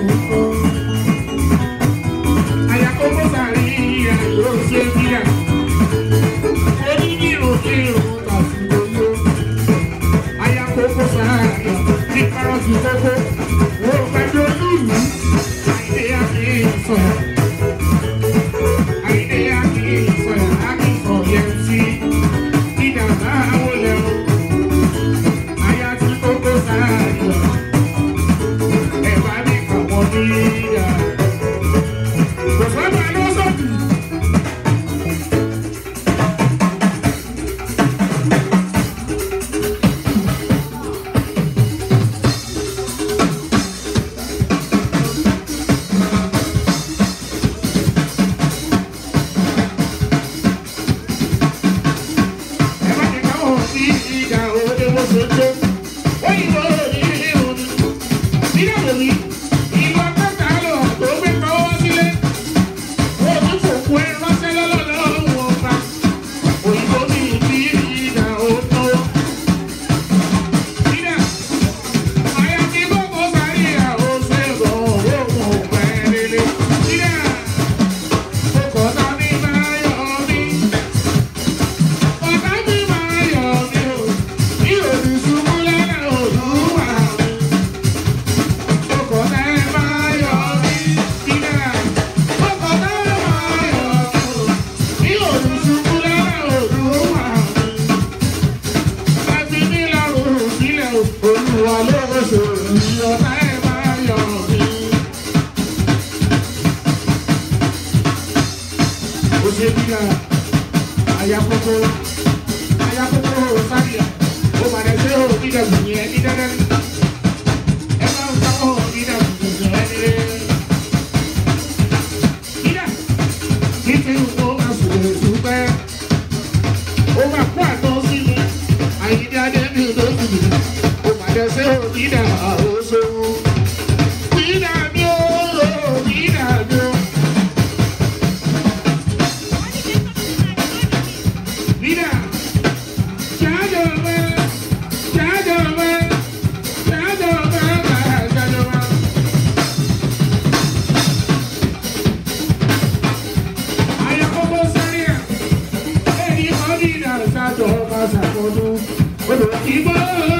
kúkú. Àyàkó kó sàrí ìyá ló ṣe bíyà. Onídìrúkìrù tàbí oyó. Àyàkó kó sàrí ní kárọ̀tì kókó. Thank you. Zaria ayakoko ayakoko Zaria ó mà dẹ̀ ṣe òbí dẹ̀ gùn yẹn ní dẹ́dẹ́ ẹ máa ń sọ òbí dẹ̀ gùn yẹn ní tó bá ṣàkóso odò